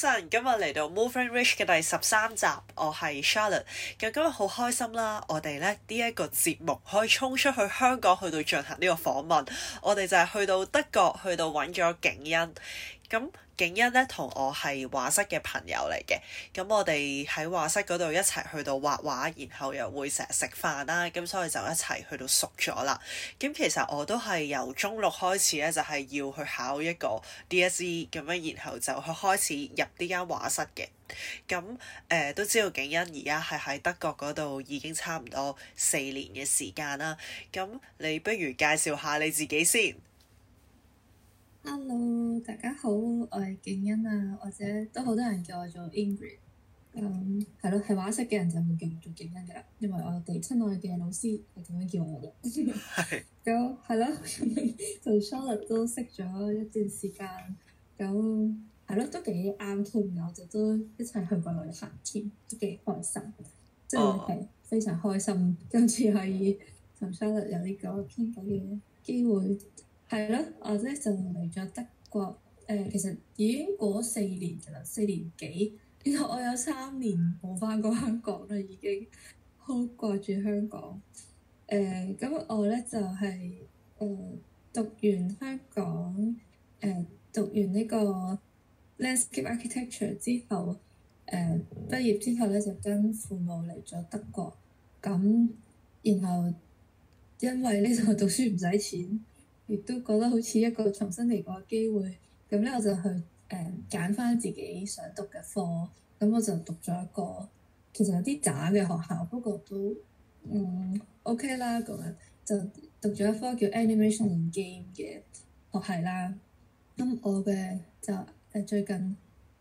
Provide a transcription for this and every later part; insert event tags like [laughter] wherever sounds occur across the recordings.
今日嚟到 Moving Reach 嘅第十三集，我係 Charlotte，咁今日好開心啦！我哋咧呢一個節目可以衝出去香港，去到進行呢個訪問，我哋就係去到德國，去到揾咗景恩。咁景恩咧同我係畫室嘅朋友嚟嘅，咁我哋喺畫室嗰度一齊去到畫畫，然後又會成日食飯啦，咁所以就一齊去到熟咗啦。咁其實我都係由中六開始咧，就係要去考一個 DSE 咁樣，然後就去開始入呢間畫室嘅。咁誒、呃、都知道景恩而家係喺德國嗰度已經差唔多四年嘅時間啦。咁你不如介紹下你自己先。Hello，大家好，我係景欣啊，或者都好多人叫我做 Ingrid，咁、嗯、係咯，係畫室嘅人就會叫我做景欣㗎啦，因為我哋親愛嘅老師係咁樣叫我嘅。咁係咯，同 Charlotte 都識咗一段時間，咁係咯，都幾啱添，我就都一齊去過旅行添，都幾開心，真係、oh。非常開心。今次可以同 Charlotte 有呢個傾偈嘅機會。係咯，我咧就嚟咗德國。誒、呃，其實已經過咗四年啦，四年幾。然後我有三年冇翻過香港啦，已經好掛住香港。誒、呃，咁我咧就係、是、誒、呃、讀完香港誒、呃、讀完呢個 landscape architecture 之後，誒、呃、畢業之後咧就跟父母嚟咗德國。咁，然後因為呢度讀書唔使錢。亦都覺得好似一個重新嚟過嘅機會，咁咧我就去誒揀翻自己想讀嘅科，咁我就讀咗一個其實有啲渣嘅學校，不過都嗯 OK 啦咁啊，就讀咗一科叫 Animation Game 嘅學系啦。咁我嘅就誒最近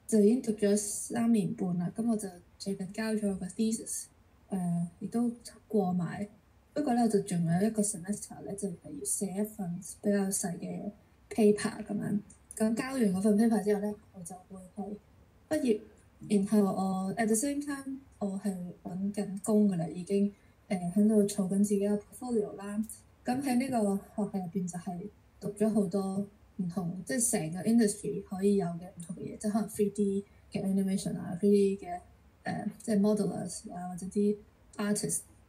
就已經讀咗三年半啦，咁我就最近交咗個 thesis，誒、呃、亦都過埋。不過咧，我就仲有一個 semester 咧，就係例如寫一份比較細嘅 paper 咁樣。咁交完嗰份 paper 之後咧，我就會去畢業。然後我 at the same time，我係揾緊工㗎啦，已經誒喺度做緊自己嘅 portfolio 啦。咁喺呢個學校入邊就係讀咗好多唔同，即係成個 industry 可以有嘅唔同嘅嘢，即係可能 3D 嘅 animation 啊，3D 嘅誒、呃、即係 modelers 啊，或者啲 artist。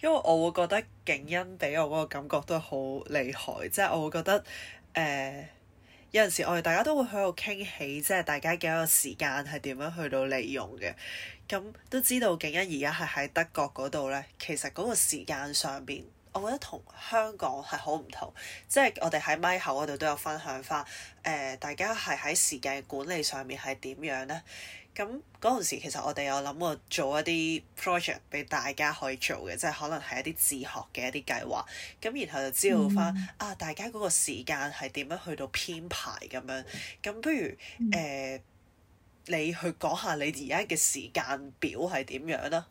因為我會覺得景恩俾我嗰個感覺都好厲害，即係我會覺得誒有陣時我哋大家都會喺度傾起，即係大家嘅一個時間係點樣去到利用嘅。咁都知道景恩而家係喺德國嗰度咧，其實嗰個時間上邊，我覺得同香港係好唔同。即係我哋喺咪口嗰度都有分享翻，誒大家係喺時間管理上面係點樣咧？咁嗰陣時，其實我哋有諗過做一啲 project 俾大家可以做嘅，即係可能係一啲自學嘅一啲計劃。咁然後就知道翻、嗯、啊，大家嗰個時間係點樣去到編排咁樣。咁不如誒、嗯呃，你去講下你而家嘅時間表係點樣啦？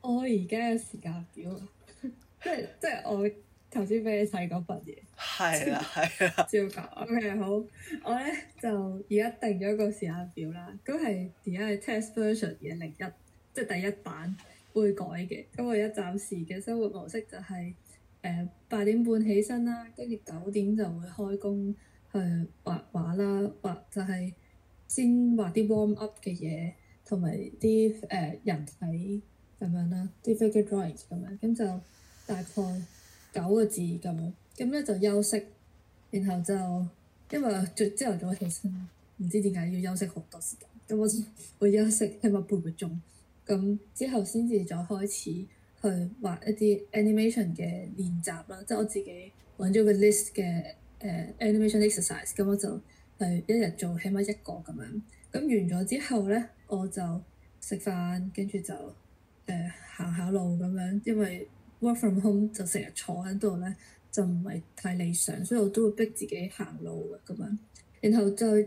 我而家嘅時間表， [laughs] 即係即係我頭先俾你睇嗰份嘢。係啦，係啦 [laughs] 樣說。照講，OK，好。我咧就而家定咗個時間表啦。咁係而家係 test version 嘅另一，即係第一版會改嘅。咁我一暫時嘅生活模式就係誒八點半起身啦，跟住九點就會開工去畫畫啦，畫就係先畫啲 warm up 嘅嘢，同埋啲誒人體咁樣啦，啲 figure drawings 咁樣，咁就大概九個字咁。咁咧、嗯、就休息，然後就因為最朝頭早起身，唔知點解要休息好多時間。咁、嗯、我會休息起碼半個鐘，咁、嗯、之後先至再開始去畫一啲 animation 嘅練習啦、嗯。即係我自己揾咗個 list 嘅誒、呃、animation exercise，咁我就係一日做起碼一個咁樣。咁完咗之後咧，我就食飯，跟、嗯、住就誒行下路咁樣，因為 work from home 就成日坐喺度咧，就唔係太理想，所以我都會逼自己行路嘅咁樣，然後再誒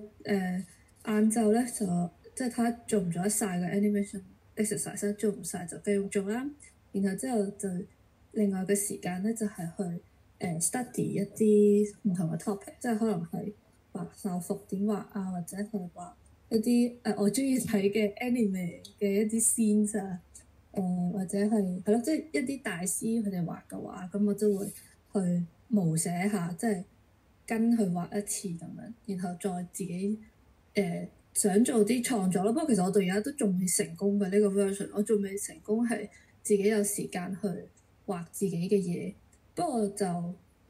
晏晝咧就即係睇下做唔做得晒個 animation exercise，做唔曬就繼續做啦。然後之後就另外嘅時間咧就係、是、去誒、呃、study 一啲唔同嘅 topic，即係可能係畫校服點畫啊，或者係畫一啲誒、呃、我中意睇嘅 anime 嘅一啲 scene 啊、呃，或者係係咯，即、就、係、是、一啲大師佢哋畫嘅畫咁，我都會。去模寫下，即係跟佢畫一次咁樣，然後再自己誒、呃、想做啲創作咯。不過其實我到而家都仲未成功嘅呢個 version，我仲未成功係自己有時間去畫自己嘅嘢。不過就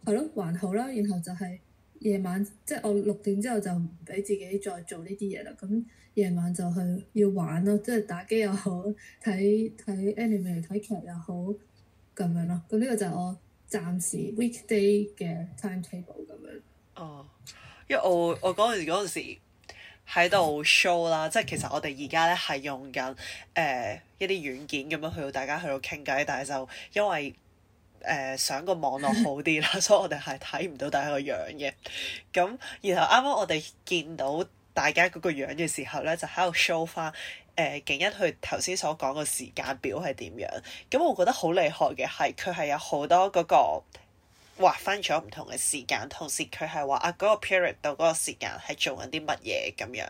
係咯，還好啦。然後就係夜晚，即係我六點之後就唔俾自己再做呢啲嘢啦。咁夜晚就去要玩咯，即係打機又好，睇睇 anime、睇劇又好，咁樣咯。咁呢個就係我暫時 weekday 嘅 time table 咁樣哦，oh。因為我我嗰陣時嗰陣時喺度 show 啦， [laughs] 即係其實我哋而家咧係用緊誒、呃、一啲軟件咁樣去到大家去到傾偈，但係就因為誒、呃、想個網絡好啲啦， [laughs] 所以我哋係睇唔到大家個樣嘅。咁然後啱啱我哋見到大家嗰個樣嘅時候咧，就喺度 show 翻。誒、呃、景欣佢頭先所講個時間表係點樣？咁、嗯、我覺得好厲害嘅係佢係有好多嗰、那個劃分咗唔同嘅時間，同時佢係話啊嗰、那個 period 到嗰個時間係做緊啲乜嘢咁樣。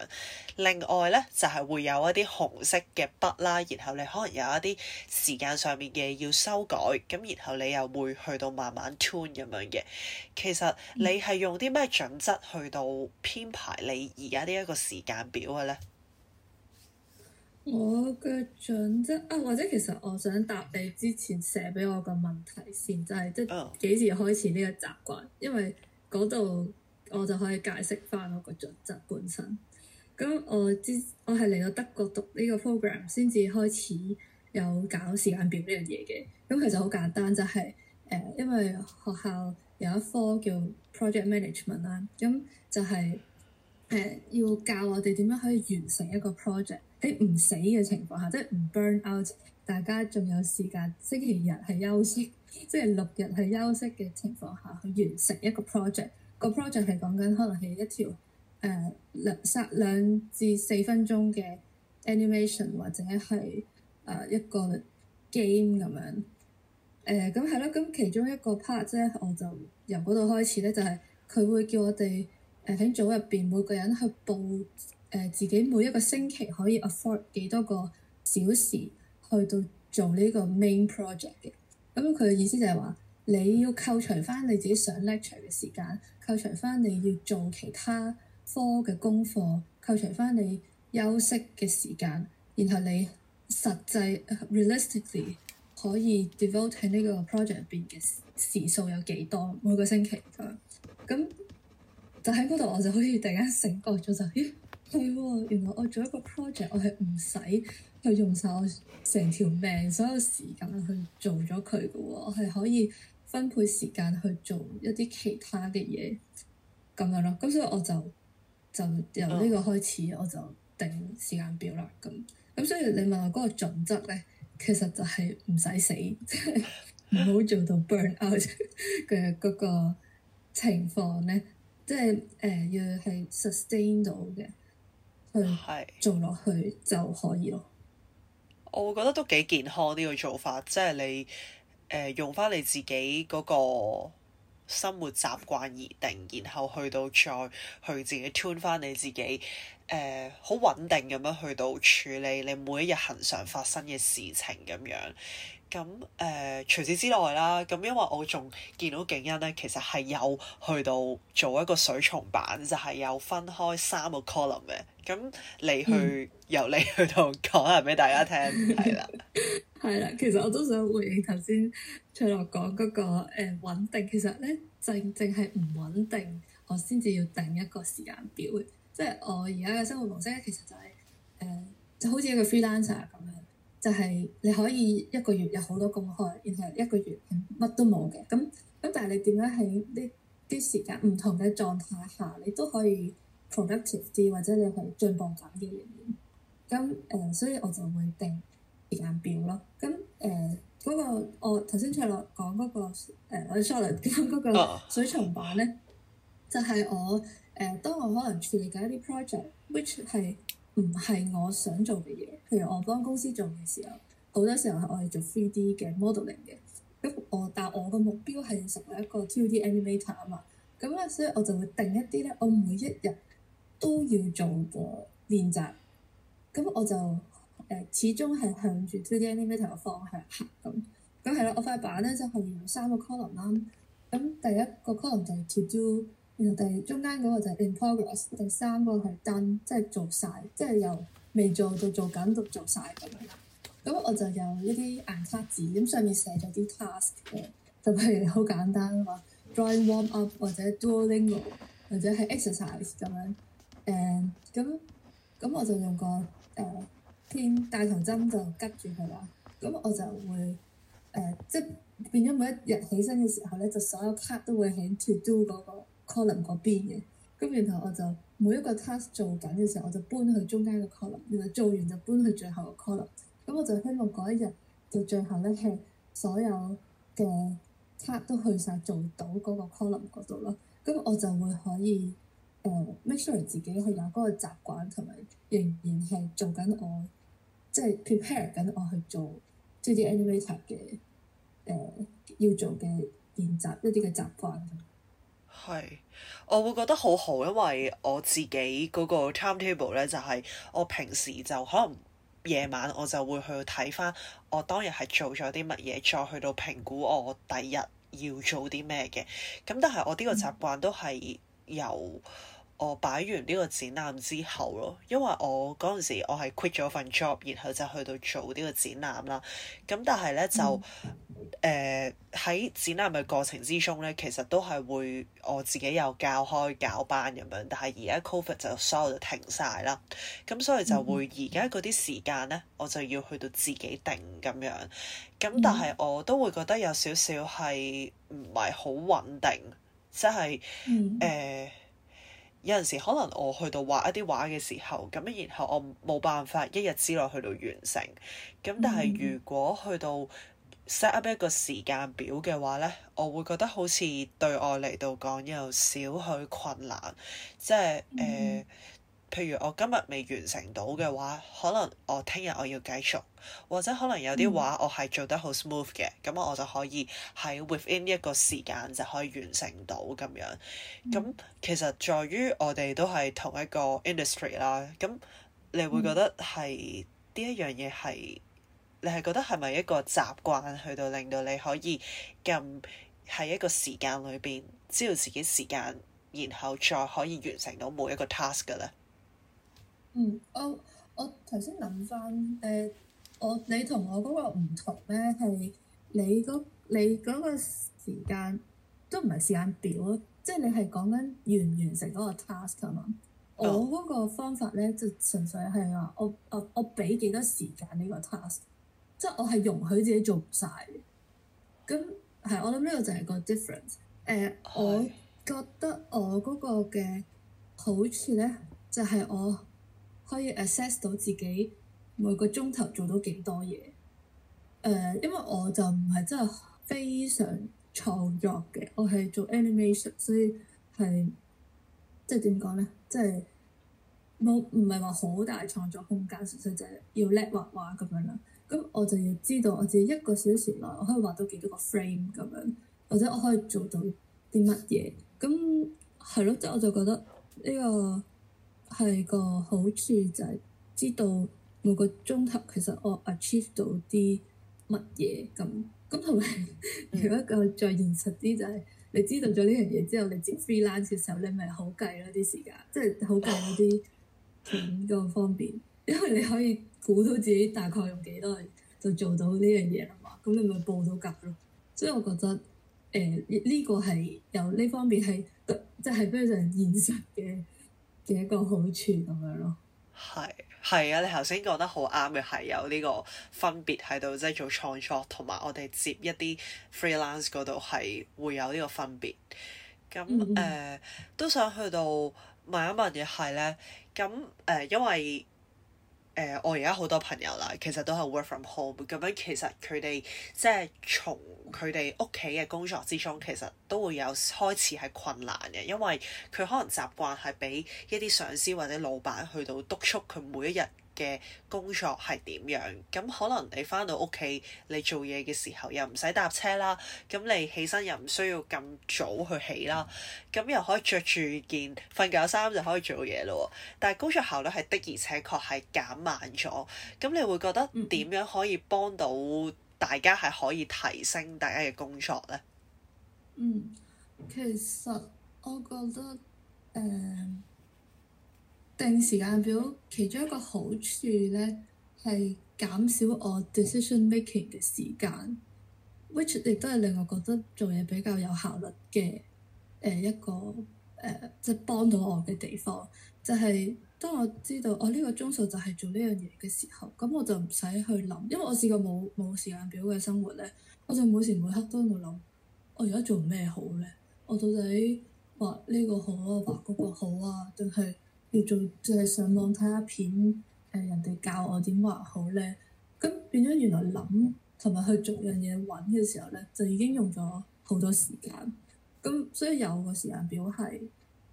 另外咧就係、是、會有一啲紅色嘅筆啦，然後你可能有一啲時間上面嘅要修改，咁然後你又會去到慢慢 tune 咁樣嘅。其實你係用啲咩準則去到編排你而家呢一個時間表嘅咧？我嘅準則啊，或者其實我想答你之前寫俾我個問題先，就係即係幾時開始呢個習慣，因為度我就可以解釋翻我嘅準則本身。咁我之我係嚟到德國讀呢個 program 先至開始有搞時間表呢樣嘢嘅。咁其實好簡單，就係、是、誒、呃、因為學校有一科叫 project management 啦，就是，咁就係誒要教我哋點樣可以完成一個 project。喺唔死嘅情況下，即係唔 burn out，大家仲有時間，星期日係休息，即係六日係休息嘅情況下，去完成一個 project。個 project 係講緊可能係一條誒、呃、兩三兩至四分鐘嘅 animation，或者係誒、呃、一個 game 咁樣。誒咁係咯，咁其中一個 part 咧，我就由嗰度開始咧，就係、是、佢會叫我哋誒喺組入邊每個人去報自己每一個星期可以 afford 幾多個小時去到做呢個 main project 嘅，咁佢嘅意思就係話你要扣除返你自己上 lecture 嘅時間，扣除返你要做其他科嘅功課，扣除返你休息嘅時間，然後你實際 realistically 可以 devote 喺呢個 project 入邊嘅時數有幾多每個星期咁，就喺嗰度我就可以突然間醒覺咗就。係喎、哦，原來我做一個 project，我係唔使去用曬我成條命所有時間去做咗佢嘅喎，我係可以分配時間去做一啲其他嘅嘢咁樣咯。咁所以我就就由呢個開始，我就定時間表啦。咁咁、oh. 所以你問我嗰個準則咧，其實就係唔使死，即係唔好做到 burn out 嘅 [laughs] 嗰個情況咧，即係誒要係 sustain 到嘅。係做落去就可以咯。我覺得都幾健康呢個做法，即、就、係、是、你誒、呃、用翻你自己嗰個生活習慣而定，然後去到再去自己 tune 翻你自己誒好、呃、穩定咁樣去到處理你每一日恆常發生嘅事情咁樣。咁誒，除、嗯、此之外啦，咁因為我仲見到 Ingrid 咧，其實係有去到做一個水松板，就係、是、有分開三個 column 嘅。咁你去由你、嗯、去到講下俾大家聽，係啦，係啦。 [laughs] 其實我都想回應頭先翠樂講嗰個誒、呃、穩定，其實咧正正係唔穩定，我先至要定一個時間表嘅，即係我而家嘅生活模式咧，其實就係、是、誒、呃、就好似一個 freelancer 咁樣。就係你可以一個月有好多公開，然後一個月乜都冇嘅。咁咁，但係你點解喺呢啲時間唔同嘅狀態下，你都可以 productive 啲，或者你去進步緊嘅嘢？咁誒、呃，所以我就會定時間表咯。咁誒嗰個我頭先蔡樂講嗰個我 Charlotte 講嗰個水松板咧，oh. 就係我誒、呃，當我可能處理緊一啲 project，which 係。唔係我想做嘅嘢，譬如我幫公司做嘅時候，好、那、多、個、時候係我係做 3D 嘅 modeling 嘅。咁我但係我個目標係成為一個 2D animator 啊嘛。咁咧，所以我就會定一啲咧，我每一日都要做嘅練習。咁我就誒、呃、始終係向住 2D animator 嘅方向行咁。咁係啦，我塊板咧就係、是、用三個 column 啦。咁第一個 column 就係 to do。然後第中間嗰個就係 in progress 第三個係 done，即係做晒，即係由未做到做緊到做晒咁樣。咁我就用呢啲硬卡紙咁上面寫咗啲 task 嘅、呃，就譬如好簡單啊嘛，dry warm up 或者 Duolingo 或者係 exercise 咁樣誒。咁咁我就用個誒天大頭針就拮住佢啦。咁我就會誒、呃、即係變咗每一日起身嘅時候咧，就所有卡都會喺 to do 嗰個。column 嗰邊嘅，咁然後我就每一個 task 做緊嘅時候，我就搬去中間嘅 column，然後做完就搬去最後嘅 column。咁我就希望嗰一日到最後咧，係所有嘅 task 都去晒做到嗰個 column 嗰度咯。咁我就會可以，誒 make sure 自己去有嗰個習慣同埋，仍然係做緊我，即係 prepare 緊我去做，即係啲 animator 嘅誒要做嘅練習一啲嘅習慣。係，我會覺得好好，因為我自己嗰個 time table 咧，就係我平時就可能夜晚我就會去睇翻我當日係做咗啲乜嘢，再去到評估我第日要做啲咩嘅。咁但係我呢個習慣都係由我擺完呢個展覽之後咯，因為我嗰陣時我係 quit 咗份 job，然後就去到做呢個展覽啦。咁但係咧就～、嗯誒喺、呃、展覽嘅過程之中咧，其實都係會我自己有教開教班咁樣，但係而家 Covid 就所有都停晒啦，咁所以就會而家嗰啲時間咧，我就要去到自己定咁樣，咁但係我都會覺得有少少係唔係好穩定，即係誒有陣時可能我去到畫一啲畫嘅時候，咁然後我冇辦法一日之內去到完成，咁但係如果去到 set up 一個時間表嘅話咧，我會覺得好似對我嚟到講有少許困難，即係誒，譬如我今日未完成到嘅話，可能我聽日我要繼續，或者可能有啲話我係做得好 smooth 嘅，咁、mm hmm. 我就可以喺 within 一個時間就可以完成到咁樣。咁、mm hmm. 其實在於我哋都係同一個 industry 啦，咁你會覺得係呢、mm hmm. 一樣嘢係？你係覺得係咪一個習慣去到令到你可以咁喺一個時間裏邊知道自己時間，然後再可以完成到每一個 task 嘅咧？嗯，我我頭先諗翻誒，我、呃、我你同我嗰個唔同咧，係你嗰你嗰個時間都唔係時間表，即係你係講緊完唔完成嗰個 task 吖嘛？嗯、我嗰個方法咧就純粹係話我我我俾幾多時間呢個 task。即我係容許自己做唔晒嘅，咁係我諗呢個就係個 difference。誒、呃，我覺得我嗰個嘅好處咧，就係、是、我可以 assess 到自己每個鐘頭做到幾多嘢。誒、呃，因為我就唔係真係非常創作嘅，我係做 animation，所以係即係點講咧，即係冇唔係話好大創作空間，純粹就係要叻畫畫咁樣啦。咁我就要知道我自己一個小時內我可以畫到幾多個 frame 咁樣，或者我可以做到啲乜嘢。咁係咯，即係我就覺得呢個係個好處就係、是、知道每個鐘頭其實我 achieve 到啲乜嘢咁。咁同埋如果個再現實啲就係、是，你知道咗呢樣嘢之後，你接 freelance 嘅時候，你咪好計咯啲、啊、時間，即係好計嗰啲錢個方便，因為你可以，估到自己大概用幾多就做到呢樣嘢啦嘛，咁你咪報到格咯。所以我覺得，誒、呃、呢、呢個係有呢方面係即係非常現實嘅嘅一個好處咁樣咯。係係啊，你頭先講得好啱嘅，係有呢個分別喺度，即係做創作同埋我哋接一啲 freelance 嗰度係會有呢個分別。咁誒、嗯呃、都想去到問一問嘅係咧，咁誒、呃、因為。誒、呃，我而家好多朋友啦，其實都係 work from home 咁樣，其實佢哋即係從佢哋屋企嘅工作之中，其實都會有開始係困難嘅，因為佢可能習慣係俾一啲上司或者老闆去到督促佢每一日。嘅工作係點樣？咁可能你翻到屋企，你做嘢嘅時候又唔使搭車啦。咁你起身又唔需要咁早去起啦。咁又可以着住件瞓覺衫就可以做嘢咯。但係工作效率係的而且確係減慢咗。咁你會覺得點樣可以幫到大家係可以提升大家嘅工作呢？嗯，其實我覺得，呃定時間表其中一個好處咧，係減少我 decision making 嘅時間，which 亦都係令我覺得做嘢比較有效率嘅誒、呃、一個誒，即係幫到我嘅地方。就係、是、當我知道我呢、哦呢個鐘數就係做呢樣嘢嘅時候，咁我就唔使去諗，因為我試過冇冇時間表嘅生活咧，我就每時每刻都會諗，我而家做咩好咧？我到底畫呢個好啊，畫嗰個好啊，定係？要做就係、是、上網睇下片，誒人哋教我點畫好咧。咁變咗原來諗同埋去逐樣嘢揾嘅時候咧，就已經用咗好多時間。咁所以有個時間表係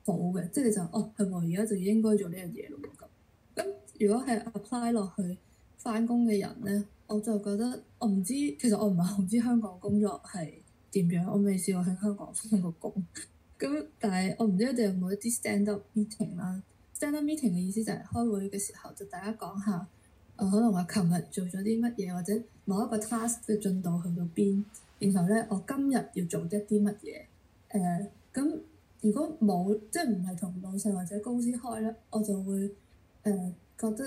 好嘅，即係你就是、哦係我而家就應該做呢樣嘢咯。咁咁如果係 apply 落去返工嘅人咧，我就覺得我唔知，其實我唔係好知香港工作係點樣。我未試過喺香港返過工。咁 [laughs] 但係我唔知佢哋有冇一啲 stand up meeting 啦。stand-up meeting 嘅意思就係開會嘅時候，就大家講下，我可能話琴日做咗啲乜嘢，或者某一個 task 嘅進度去到邊，然後咧我今日要做一啲乜嘢。誒、呃、咁，如果冇即係唔係同老細或者公司開咧，我就會誒、呃、覺得，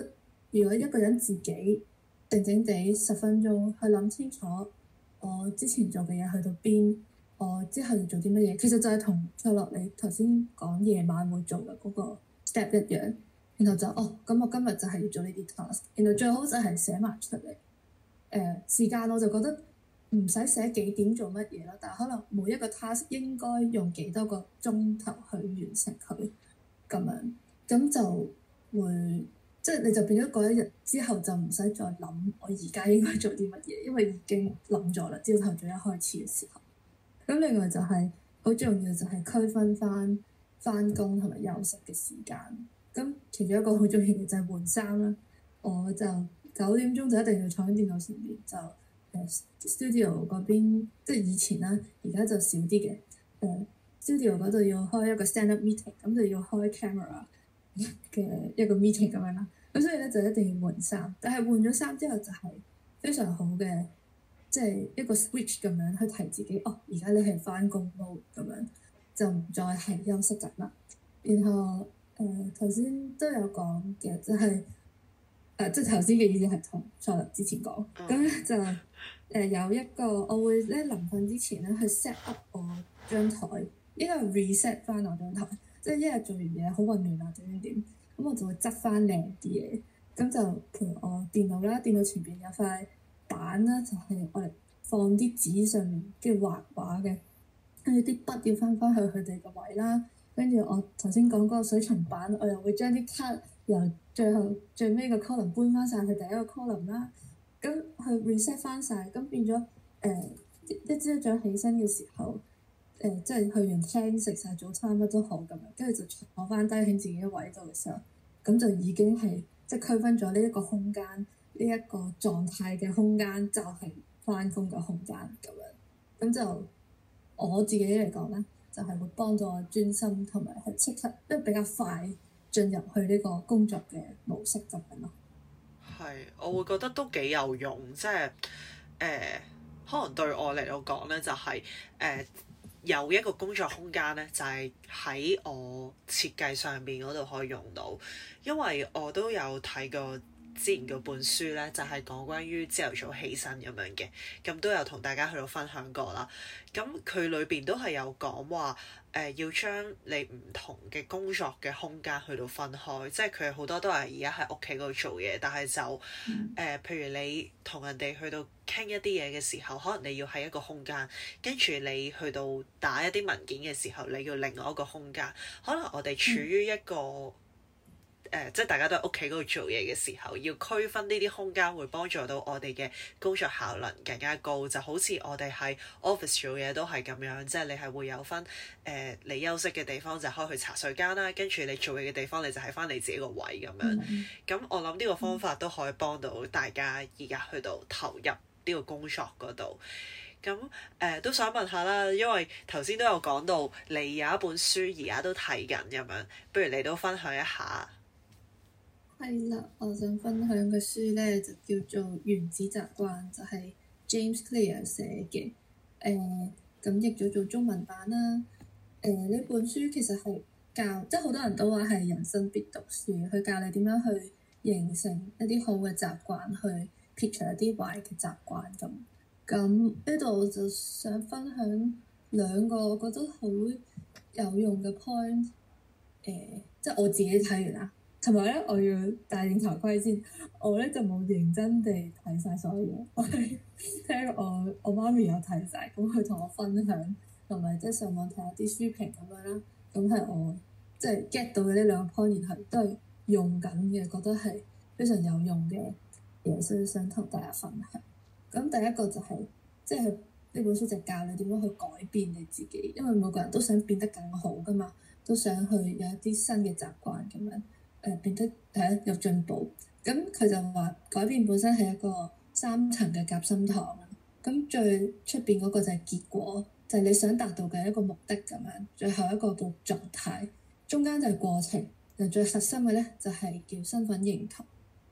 如果一個人自己靜靜地十分鐘去諗清楚，我之前做嘅嘢去到邊，我之後要做啲乜嘢，其實就係同翠落你頭先講夜晚會做嘅嗰、那個。step 一樣，然後就哦，咁我今日就係要做呢啲 task，然後最好就係寫埋出嚟。誒、呃、時間我就覺得唔使寫幾點做乜嘢啦，但係可能每一個 task 應該用幾多個鐘頭去完成佢，咁樣咁就會即係、就是、你就變咗嗰一日之後就唔使再諗我而家應該做啲乜嘢，因為已經諗咗啦，朝頭早一開始嘅時候。咁另外就係、是、好重要就係區分返。翻工同埋休息嘅時間，咁，其中一個好鍾意嘅就係換衫啦。我就九點鐘就一定要坐喺電腦前面，就誒、呃、studio 嗰邊，即係以前啦，而家就少啲嘅。誒、呃、studio 嗰度要開一個 stand up meeting，咁就要開 camera 嘅一個 meeting 咁樣啦。咁所以咧就一定要換衫，但係換咗衫之後就係非常好嘅，即、就、係、是、一個 switch 咁樣去提自己，哦，而家你係翻工 mode 咁樣。就唔再係休息緊啦，然後誒頭先都有講嘅，就係誒即係頭先嘅意思係同，誒之前講，咁、嗯、就誒、呃、有一個，我會咧臨瞓之前咧去 set up 我張台，呢個 reset 翻我張台，即、就、係、是、一日做完嘢好混亂啊點點點，咁我就會執翻靚啲嘢，咁就譬如我電腦啦，電腦前邊有塊板啦，就係我哋放啲紙上面，跟住畫畫嘅。跟住啲筆要翻翻去佢哋個位啦，跟住我頭先講嗰個水松板，我又會將啲卡由最後最尾個 column 搬翻晒去第一個 column 啦。咁佢 reset 翻晒，咁變咗誒一朝一早起身嘅時候，誒、呃、即係去完廳食晒早餐乜都好咁樣，跟住就坐翻低喺自己嘅位度嘅時候，咁就已經係即係區分咗呢一個空間，呢、這、一個狀態嘅空間就係翻工嘅空間咁樣，咁就。我自己嚟講咧，就係、是、會幫助我專心，同埋係即刻，因為比較快進入去呢個工作嘅模式就咁咯。係，我會覺得都幾有用，即係誒、呃，可能對我嚟講咧，就係、是、誒、呃、有一個工作空間咧，就係、是、喺我設計上邊嗰度可以用到，因為我都有睇過。之前嗰本書咧就係、是、講關於朝頭早起身咁樣嘅，咁都有同大家去到分享過啦。咁佢裏邊都係有講話，誒、呃、要將你唔同嘅工作嘅空間去到分開，即係佢好多都係而家喺屋企度做嘢，但係就誒、呃，譬如你同人哋去到傾一啲嘢嘅時候，可能你要喺一個空間，跟住你去到打一啲文件嘅時候，你要另外一個空間。可能我哋處於一個，嗯。誒、呃，即係大家都喺屋企嗰度做嘢嘅時候，要區分呢啲空間，會幫助到我哋嘅工作效能更加高。就好似我哋喺 office 做嘢都係咁樣，即係你係會有分誒、呃，你休息嘅地方就可以去茶水間啦，跟住你做嘢嘅地方你就喺返你自己個位咁樣。咁我諗呢個方法都可以幫到大家而家去到投入呢個工作嗰度。咁誒、呃、都想問下啦，因為頭先都有講到你有一本書，而家都睇緊咁樣，不如你都分享一下。係啦，我想分享嘅書咧就叫做《原子習慣》，就係 James Clear 寫嘅，誒咁譯咗做中文版啦。誒呢本書其實好教，即係好多人都話係人生必讀書，佢教你點樣去形成一啲好嘅習慣，去撇除一啲壞嘅習慣咁。咁呢度我就想分享兩個我覺得好有用嘅 point，誒即係我自己睇完啦。同埋咧，我要戴定頭盔先。我咧就冇認真地睇晒所有嘢， [laughs] 我係聽我我媽咪有睇晒，咁佢同我分享，同埋即係上網睇下啲書評咁樣啦。咁係我即係 get 到嘅呢兩個 point 然後都係用緊嘅，覺得係非常有用嘅嘢，所以想同大家分享。咁第一個就係即係呢本書就教你點樣去改變你自己，因為每個人都想變得更好噶嘛，都想去有一啲新嘅習慣咁樣。誒變得係有進步，咁佢就話改變本身係一個三層嘅夾心糖，咁最出邊嗰個就係結果，就係你想達到嘅一個目的咁樣，最後一個個狀態，中間就係過程，最核心嘅咧就係叫身份認同，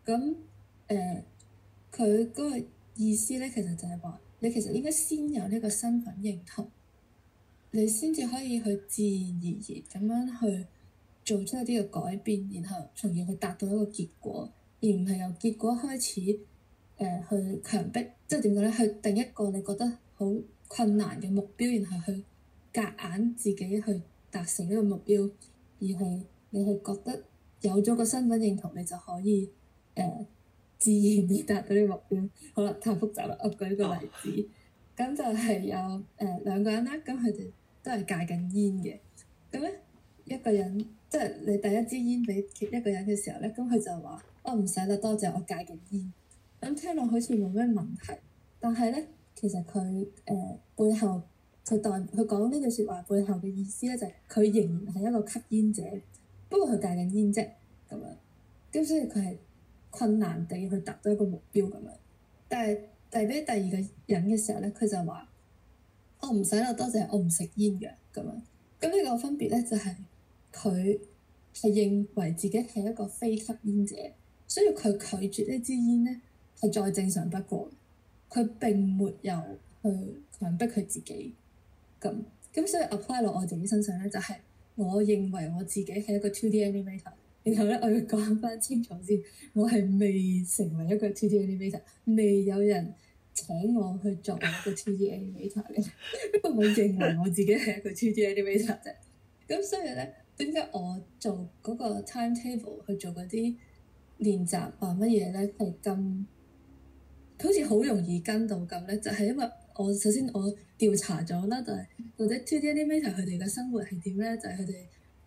咁誒佢嗰個意思咧其實就係話，你其實應該先有呢個身份認同，你先至可以去自然而然咁樣去，做出一啲嘅改變，然後從而去達到一個結果，而唔係由結果開始，誒、呃、去強迫。即係點講咧？去定一個你覺得好困難嘅目標，然後去夾硬自己去達成呢個目標，而係你係覺得有咗個身份認同，你就可以誒、呃、自然地達到呢個目標。 [laughs] 好啦，太複雜啦，我舉一個例子，咁、oh. 就係有誒兩、呃、個人啦，咁佢哋都係戒緊煙嘅，咁咧。一個人，即係你遞一支煙俾一個人嘅時候咧，咁佢就話：我唔使啦，多謝，我戒緊煙。咁聽落好似冇咩問題，但係咧，其實佢誒、呃、背後佢代佢講呢句説話背後嘅意思咧，就係佢仍然係一個吸煙者，不過佢戒緊煙啫，咁樣。咁所以佢係困難地去達到一個目標咁樣。但係遞俾第二個人嘅時候咧，佢就話：我唔使啦，多謝，我唔食煙嘅，咁樣。咁呢個分別咧，就係、是。佢係認為自己係一個非吸煙者，所以佢拒絕呢支煙咧係再正常不過。佢並沒有去強迫佢自己咁咁，所以 apply 落我自己身上咧，就係、是、我認為我自己係一個 two D animator。然後咧，我要講翻清楚先，我係未成為一個 two D animator，未有人請我去做一個 two D animator 嘅，不 [laughs] 過我認為我自己係一個 two D animator 啫。咁所以咧～點解我做嗰個 timetable 去做嗰啲練習或乜嘢咧，係咁好似好容易跟到咁咧？就係、是、因為我首先我調查咗啦，就係嗰啲 2D animator 佢哋嘅生活係點咧？就係佢哋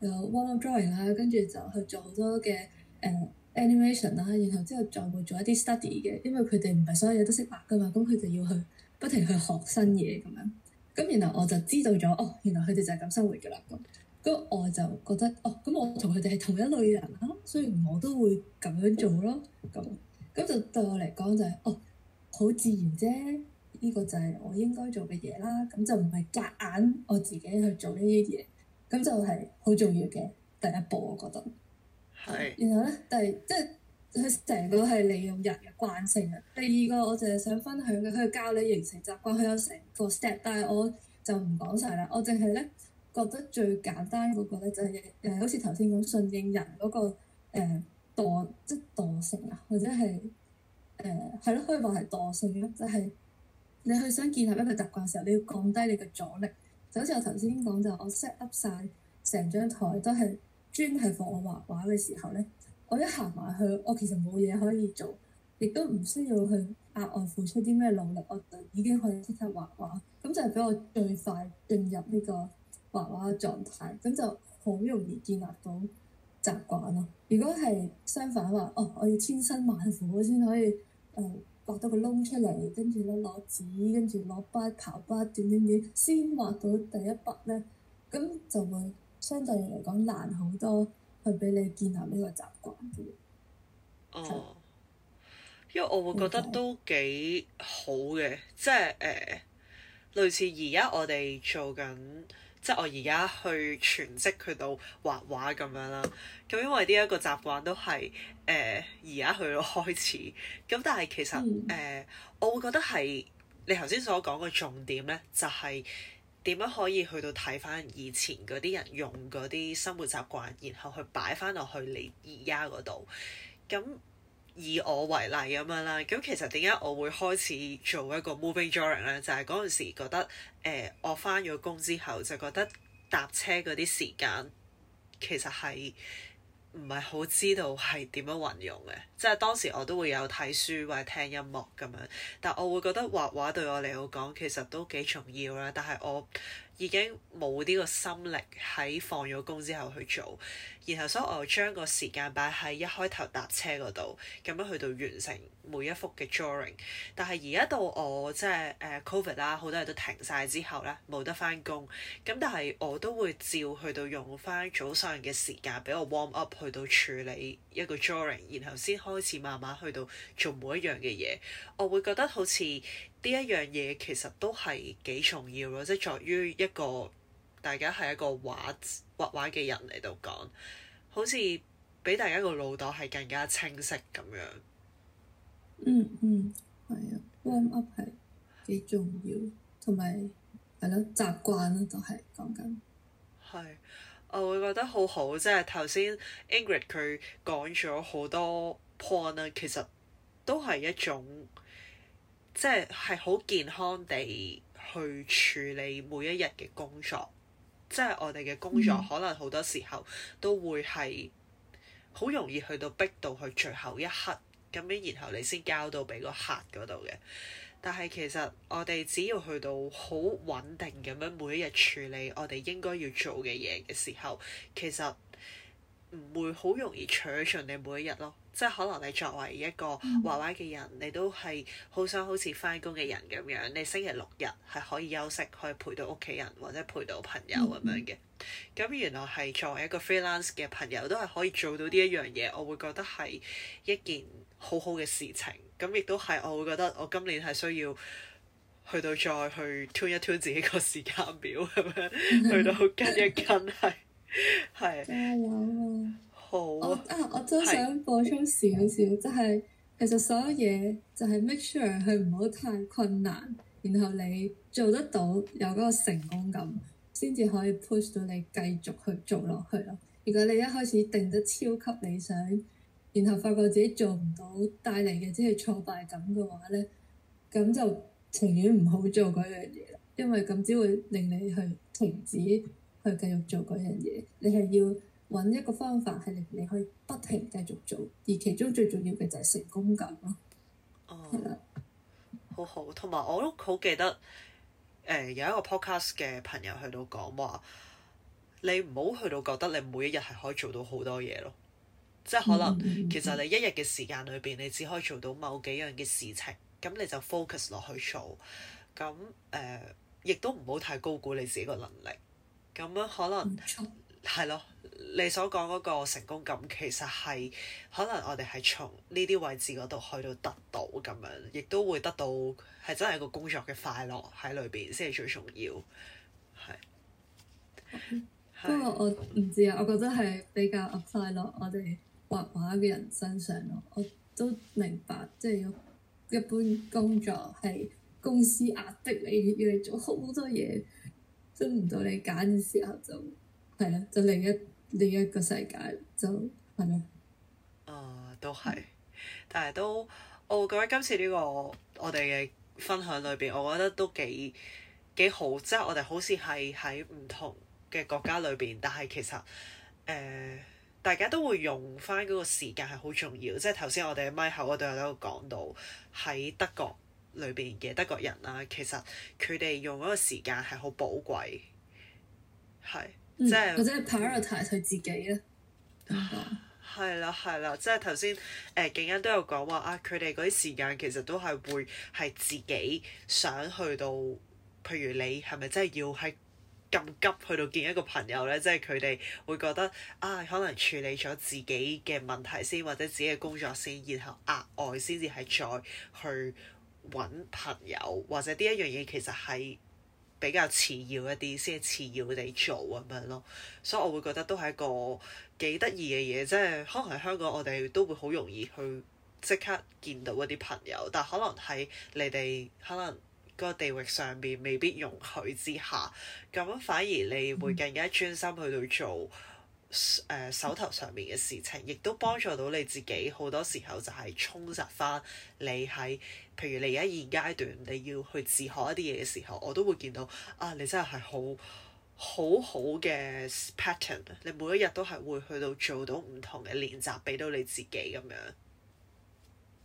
有 warm up drawing 啦，跟住就去做好多嘅誒、uh, animation 啦，然後之後再會做一啲 study 嘅，因為佢哋唔係所有嘢都識畫噶嘛，咁佢哋要去不停去學新嘢咁樣。咁然後我就知道咗，哦，原來佢哋就係咁生活噶啦咁。咁我就覺得，哦，咁我同佢哋係同一類人啦，雖然我都會咁樣做咯，咁咁就對我嚟講就係，哦，好自然啫，呢個就係我應該做嘅嘢啦，咁就唔係夾硬我自己去做呢啲嘢，咁就係好重要嘅第一步，我覺得。係。然後咧，第即係佢成個係利用人嘅慣性嘅。第二個我就係想分享嘅，佢教你形成習慣，佢有成個 step，但係我就唔講晒啦，我淨係咧。覺得最簡單嗰個咧、就是，就係誒，好似頭先講信任人嗰、那個惰、呃、即惰性啊，或者係誒係咯，可以話係惰性咯，就係、是、你去想建立一個習慣嘅時候，你要降低你嘅阻力。就好似我頭先講，就我 set up 晒成張台都係專係放我畫畫嘅時候咧，我一行埋去，我其實冇嘢可以做，亦都唔需要去額外付出啲咩努力，我就已經可以即刻畫畫咁，就係俾我最快進入呢、這個，畫畫嘅狀態，咁就好容易建立到習慣咯。如果係相反話，哦，我要千辛萬苦先可以誒畫、呃、到個窿出嚟，跟住咧攞紙，跟住攞筆刨筆，點點點先畫到第一筆咧，咁就會相對嚟講難好多去俾你建立呢個習慣嘅。哦，因為我會覺得都幾好嘅，Okay. 即係誒、呃，類似而家我哋做緊。即係我而家去全職去到畫畫咁樣啦，咁因為呢一個習慣都係誒而家去到開始，咁但係其實誒、嗯呃、我會覺得係你頭先所講嘅重點咧，就係、是、點樣可以去到睇翻以前嗰啲人用嗰啲生活習慣，然後去擺翻落去你而家嗰度咁。以我為例咁樣啦，咁其實點解我會開始做一個 moving drawing 呢？就係嗰陣時覺得，誒、呃，我返咗工之後就覺得搭車嗰啲時間其實係唔係好知道係點樣運用嘅，即係當時我都會有睇書或者聽音樂咁樣，但我會覺得畫畫對我嚟講其實都幾重要啦，但係我已經冇呢個心力喺放咗工之後去做，然後所以我將個時間擺喺一開頭搭車嗰度，咁樣去到完成每一幅嘅 drawing。但係而家到我即係、uh, COVID 啦，好多嘢都停晒之後咧，冇得翻工，咁但係我都會照去到用翻早上嘅時間，俾我 warm up 去到處理。一個 drawing，然後先開始慢慢去到做每一樣嘅嘢，我會覺得好似呢一樣嘢其實都係幾重要咯，即係作於一個大家係一個畫畫畫嘅人嚟度講，好似俾大家個腦袋係更加清晰咁樣、嗯。嗯嗯，係啊 warm up 係幾重要，同埋係咯習慣咯，就係講緊係。我會覺得好好，即係頭先 Ingrid 佢講咗好多 point 啊，其實都係一種即係係好健康地去處理每一日嘅工作，即係我哋嘅工作可能好多時候都會係好容易去到逼到去最後一刻咁樣，然後你先交到俾個客嗰度嘅。但係其實我哋只要去到好穩定咁樣每一日處理我哋應該要做嘅嘢嘅時候，其實唔會好容易取 h 你每一日咯。即係可能你作為一個娃娃嘅人，你都係好想好似翻工嘅人咁樣，你星期六日係可以休息，可以陪到屋企人或者陪到朋友咁樣嘅。咁原來係作為一個 freelance 嘅朋友，都係可以做到呢一樣嘢，我會覺得係一件好好嘅事情。咁亦都係，我會覺得我今年係需要去到再去 tune 一 tune 自己個時間表，咁 [laughs] 樣去到跟一跟，係係。 [laughs] 好玩啊！好啊！我都想補充少少，即係是、就係、其實所有嘢就係 make sure 佢唔好太困難，然後你做得到有嗰個成功感，先至可以 push 到你繼續去做落去咯。如果你一開始定得超級理想，然後發覺自己做唔到帶，帶嚟嘅只係挫敗感嘅話咧，咁就情願唔好做嗰樣嘢啦。因為咁只會令你去停止去繼續做嗰樣嘢。你係要揾一個方法係令你去不停繼續做，而其中最重要嘅就係成功感咯。哦，好 [laughs] 好，同埋我都好記得，誒、呃、有一個 podcast 嘅朋友去到講話，你唔好去到覺得你每一日係可以做到好多嘢咯。即係可能，其實你一日嘅時間裏邊，你只可以做到某幾樣嘅事情，咁你就 focus 落去做。咁誒、呃，亦都唔好太高估你自己個能力。咁樣可能係咯錯，你所講嗰個成功感其實係可能我哋係從呢啲位置嗰度去到得到咁樣，亦都會得到係真係個工作嘅快樂喺裏邊先係最重要。係。嗯、的不過我唔知啊，我覺得係比較快 p 我哋。畫畫嘅人身上咯，我都明白，即係一般工作係公司壓迫你，要你做好多嘢，真唔到你揀嘅時候就係啦，就另一另一個世界就係咯。啊，都係，但係都我會覺得今次呢個我哋嘅分享裏邊，我覺得都幾幾好，即係我哋好似係喺唔同嘅國家裏邊，但係其實誒。呃大家都會用翻嗰個時間係好重要，即係頭先我哋喺咪口嗰度有講到，喺德國裏邊嘅德國人啦，其實佢哋用嗰個時間係好寶貴，係、嗯、即係是或者係 prioritise 佢自己、 [laughs] 呃、說說啊，係啦係啦，即係頭先誒 Ingrid 都有講話啊，佢哋嗰啲時間其實都係會係自己想去到，譬如你係咪真係要喺。咁急去到見一個朋友咧，即係佢哋會覺得啊，可能處理咗自己嘅問題先，或者自己嘅工作先，然後額外先至係再去揾朋友，或者呢一樣嘢其實係比較次要一啲，先係次要地做咁樣咯。所以我會覺得都係一個幾得意嘅嘢，即係可能喺香港我哋都會好容易去即刻見到一啲朋友，但係可能喺你哋可能。個地域上面未必容許之下，咁反而你會更加專心去到做誒、呃、手頭上面嘅事情，亦都幫助到你自己。好多時候就係充實翻你喺譬如你而家現階段你要去自學一啲嘢嘅時候，我都會見到啊！你真係係好好好嘅 pattern，你每一日都係會去到做到唔同嘅練習，俾到你自己咁樣。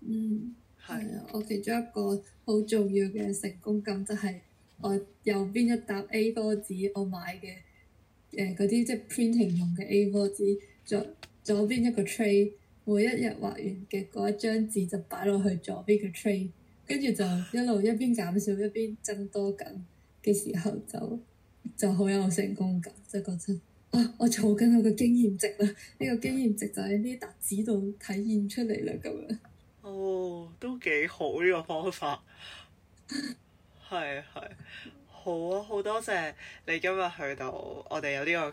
嗯。係啊，我其中一個好重要嘅成功感就係、是、我右邊一沓 A4 紙我買嘅，誒嗰啲即係 printing 用嘅 A4 紙，左左邊一個 tray，每一日畫完嘅嗰一張紙就擺落去左邊嘅 tray，跟住就一路一邊減少一邊增多緊嘅時候就就好有成功感，即、就、係、是、覺得啊我儲緊、這個經驗值啦，呢個經驗值就喺呢沓紙度體現出嚟啦咁樣。哦，都幾好呢個方法，係係 [laughs] 好啊！好多謝你今日去到，我哋有呢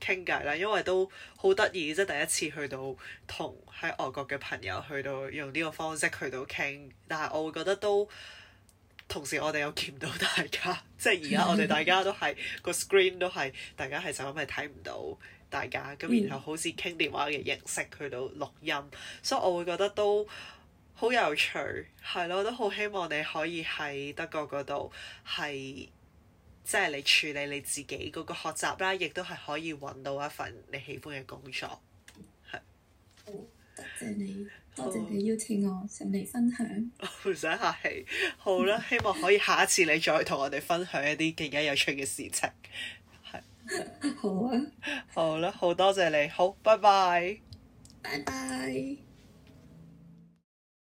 個傾偈啦。因為都好得意，即係第一次去到同喺外國嘅朋友去到用呢個方式去到傾，但係我會覺得都同時我哋又見唔到大家，即係而家我哋大家都係 [laughs] 個 screen 都係大家係就咁係睇唔到大家，咁 [laughs] 然後好似傾電話嘅形式去到錄音，所以我會覺得都。好有趣，係咯，我都好希望你可以喺德國嗰度係，即係你處理你自己嗰個學習啦，亦都係可以揾到一份你喜歡嘅工作。係。哦，多謝你，好多謝你邀請我上嚟分享。唔使客氣，好啦，希望可以下一次你再同我哋分享一啲更加有趣嘅事情。係。好啊。好啦，好多謝你，好，拜拜。拜拜。